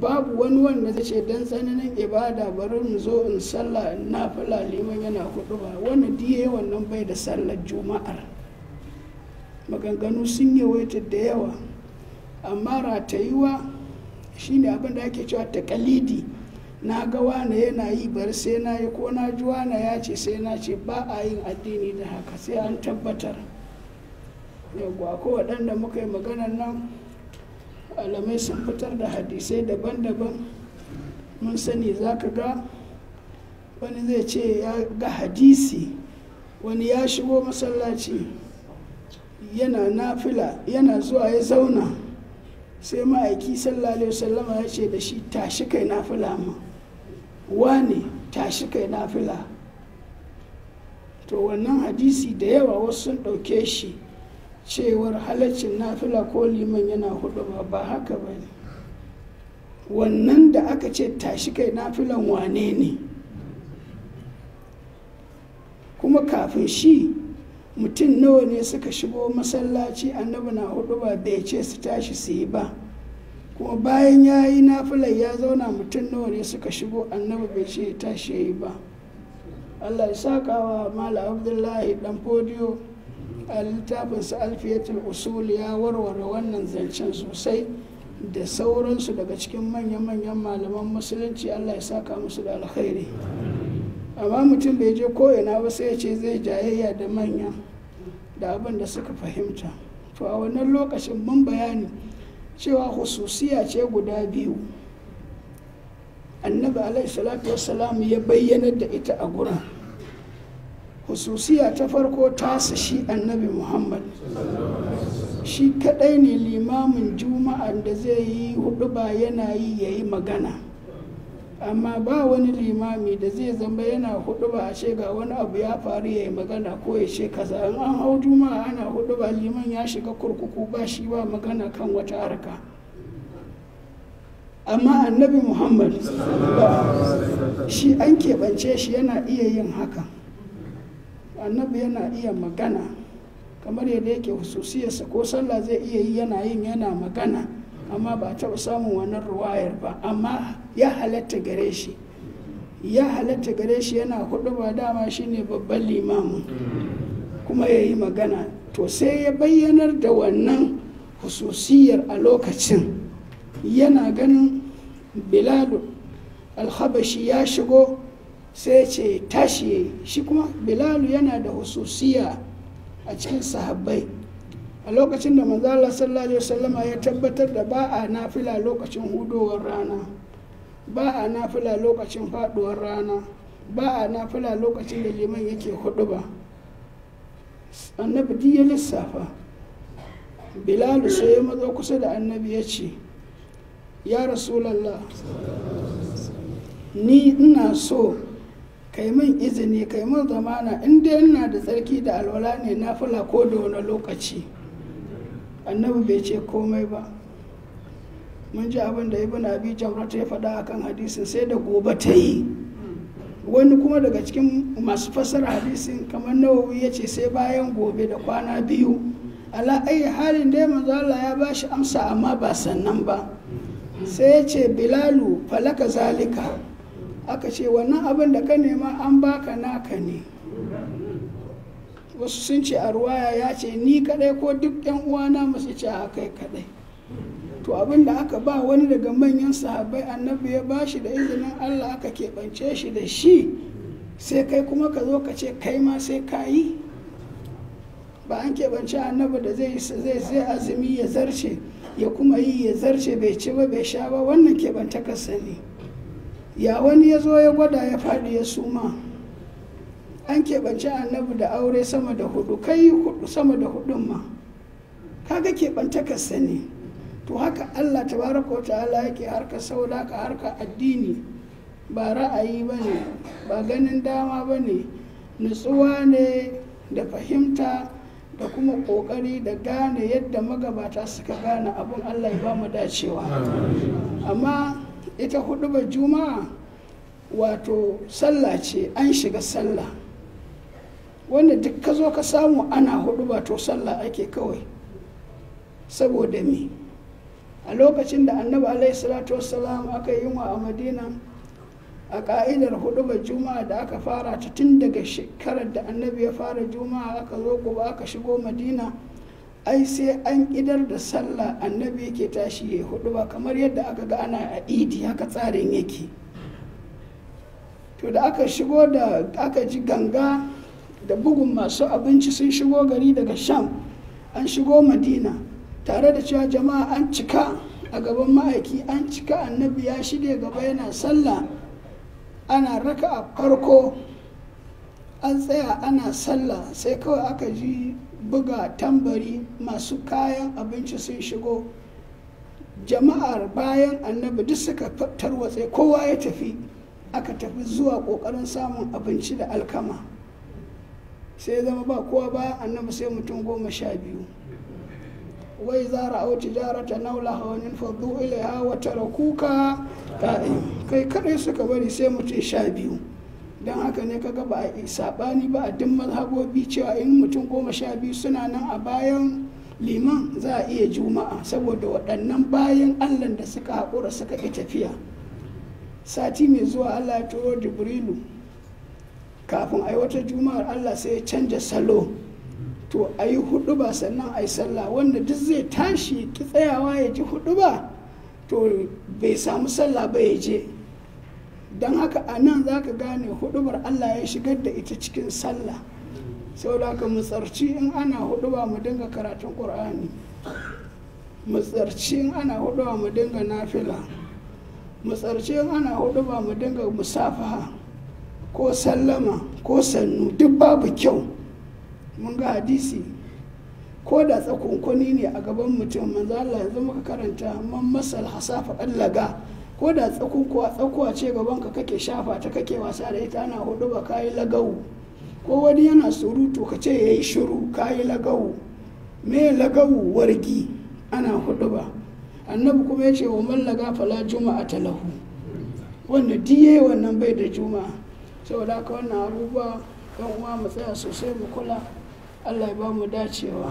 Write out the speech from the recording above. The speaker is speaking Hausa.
babu wani wanda zai ce dan tsananin ibada bari mu zo in sallah na fila liman yana kudu ba wani diye wannan bai da sallar juma'ar maganganu sun yawaita da yawa amma ratayuwa shine abin da ake cewa takalidi na ga wane yana yi bar sai na yi ko na ji wane ya ce sai na ce ba a yin addini da haka sai an tabbatar yawwa ko waɗanda muka yi maganar nan malamai sun fitar da hadisai daban-daban mun sani za ka ga wani zai ce ya ga hadisi wani ya shigo masallaci yana nafila yana zuwa ya zauna sai ma'aiki sallallahu wasallama ya ce da shi tashi kai nafila ma wani tashi kai nafila to wannan hadisi da yawa wasu sun ɗauke shi cewar halaccin nafila ko liman yana hudu ba ba haka ba ne wannan da aka ce tashi kai nafilan wane ne kuma kafin shi mutum nawa ne suka shigo masallaci annabi na hudu ba bai ce su tashi su yi ba kuma bayan ya yi nafilar ya zauna mutum nawa ne suka shigo annabi bai ce tashi ya yi ba allah ya wa mala abdullahi dan fodiyo a littafinsa alfiyatul usul ya warware wannan zancen sosai da sauransu daga cikin manya-manyan malaman musulunci allah ya saka musu da alkhairi amma mutum bai je ko'ina ba sai ya ce zai jayayya da manya da abin da suka fahimta to a wannan lokacin mun bayani cewa hususiya ce guda biyu annabi alaihi salatu ya bayyana da ita a gurin hususiya ta farko tasa shi annabi muhammad shi kadai ne limamin juma'a da zai yi hudu ba yana yi ya yi magana amma ba wani limami da zai zama yana hudu ba a ga wani abu ya faru ya yi magana ko ya ce kaza in an hau juma'a ana hudu ba liman ya shiga kurkuku ba shi ba magana kan wata harka amma annabi muhammad shi an keɓance shi yana iya yin hakan annabi yana iya magana kamar yadda yake hususiyarsa ko sallah zai iya yi yana yin yana magana amma ba a taɓa samun wannan ruwayar ba amma ya halatta gare shi ya halatta gare shi yana hudu ba dama shine babban limamu kuma ya yi magana to sai ya bayyanar da wannan hususiyar a lokacin yana ganin bilalu alhabashi ya shigo sai ce tashi shi kuma bilalu yana da hususiya a cikin sahabbai a lokacin da manzala sallallahu alaihi wasallama ya tabbatar da ba a nafila lokacin hudowar rana ba a nafila lokacin faduwar rana ba a nafila lokacin da liman yake hudu ba annabi lissafa bilalu sai ya mazo kusa da annabi ya ce ya rasulallah ni ina so kai min izini kai min zamana in dai ina da tsarki da alwala ne na fula ko da wani lokaci annabi bai ce komai ba mun ji abin da ibn abi ta ya faɗa akan hadisin sai da gobe ta yi wani kuma daga cikin masu fassara hadisin kamar nawawi ya ce sai bayan gobe da kwana biyu ala ayi halin dai manzo Allah ya shi amsa amma ba sannan ba sai ya ce bilalu falaka zalika aka ce wannan abin da ka nema an baka naka ne wasu sun ce a ruwaya ya ce ni kadai ko duk yan uwana masu ce a kai kadai to abin da aka ba wani daga manyan sahabai annabi ya bashi da izinin allah aka keɓance shi da shi sai kai kuma ka zo ka ce kai ma sai ka yi ba an keɓance annabi da zai zai azumi ya zarce ya kuma yi ya zarce bai ci ba bai sha ba wannan keɓanta ka sani ya wani ya zo ya gwada ya faɗi ya suma an keɓance annabi da aure sama da hudu kai sama da hudun ma kaga ka sani to haka allah tabaraka wa ta'ala yake harka sauda ka harka addini ba ra'ayi ba ne ba ganin dama ba ne nutsuwa ne da fahimta da kuma kokari da gane yadda magabata suka gane abun allah ya ba mu dacewa amma ita hudu ba juma'a wato sallah ce an shiga sallah wanda duk ka zo ka samu ana hudu ba to sallah ake kawai saboda me a lokacin da annabi alaihi salatu wassalam aka yi wa a madina a ka'idar ba juma'a da aka fara ta tun daga shekarar da annabi ya fara juma'a aka zo gobe aka shigo madina ai sai an idar da sallah annabi yake tashi ya hudu ba kamar yadda aka ga ana a idi haka tsarin yake to da aka shigo da aka ji ganga da bugun masu abinci sun shigo gari daga sham an shigo madina tare da cewa jama'a an cika a gaban ma'aiki an cika annabi ya shige gaba yana sallah ana raka a farko an tsaya ana sallah sai kawai aka ji buga tambari masu kayan abinci sun shigo jama'ar bayan annabi duk suka tarwatse kowa ya tafi aka tafi zuwa ƙoƙarin samun abinci da alkama sai zama ba kowa bayan annabi sai mutum goma sha biyu wai za jara ta naula hawanin fadu ilaiha wata rakuka kai kadai suka bari sai mutum sha biyu don haka ne kaga ba a saɓani ba a duk mazhabobi cewa in mutum goma sha biyu suna nan a bayan liman za a iya juma'a saboda waɗannan bayan allah da suka haƙura suka ƙi tafiya sati mai zuwa allah ya turo jibrilu kafin a yi wata juma'ar allah sai ya canja salo to a yi hudu ba sannan a yi sallah wanda duk zai tashi ki tsayawa ya ji hudu ba to bai samu sallah ba ya je don haka a nan za ka gane hudubar allah ya shigar da ita cikin sallah sau da ka mutsarci in ana huduba mu dinga karatun ƙur'ani mutsarci in ana huduba mu dinga nafila mutsarci in ana huduba mu dinga musafaha ko sallama ko sannu duk babu kyau mun ga hadisi ko da tsakunkuni ne a gaban mutum manzo Allah yanzu muka karanta man masal hasafa allaga ko da tsakukuwa tsakuwa ce gaban ka kake shafa ta kake wasa da ita ana hudu ba kayi lagawu ko wani yana surutu ka ce yayi shiru kayi lagawu me lagawu wargi ana hudu ba annabi kuma ya ce wa mallaga fala juma'a talahu wanda diye wannan bai da juma'a saboda haka wannan abubuwa yan uwa mu tsaya sosai mu kula Allah ya ba mu dacewa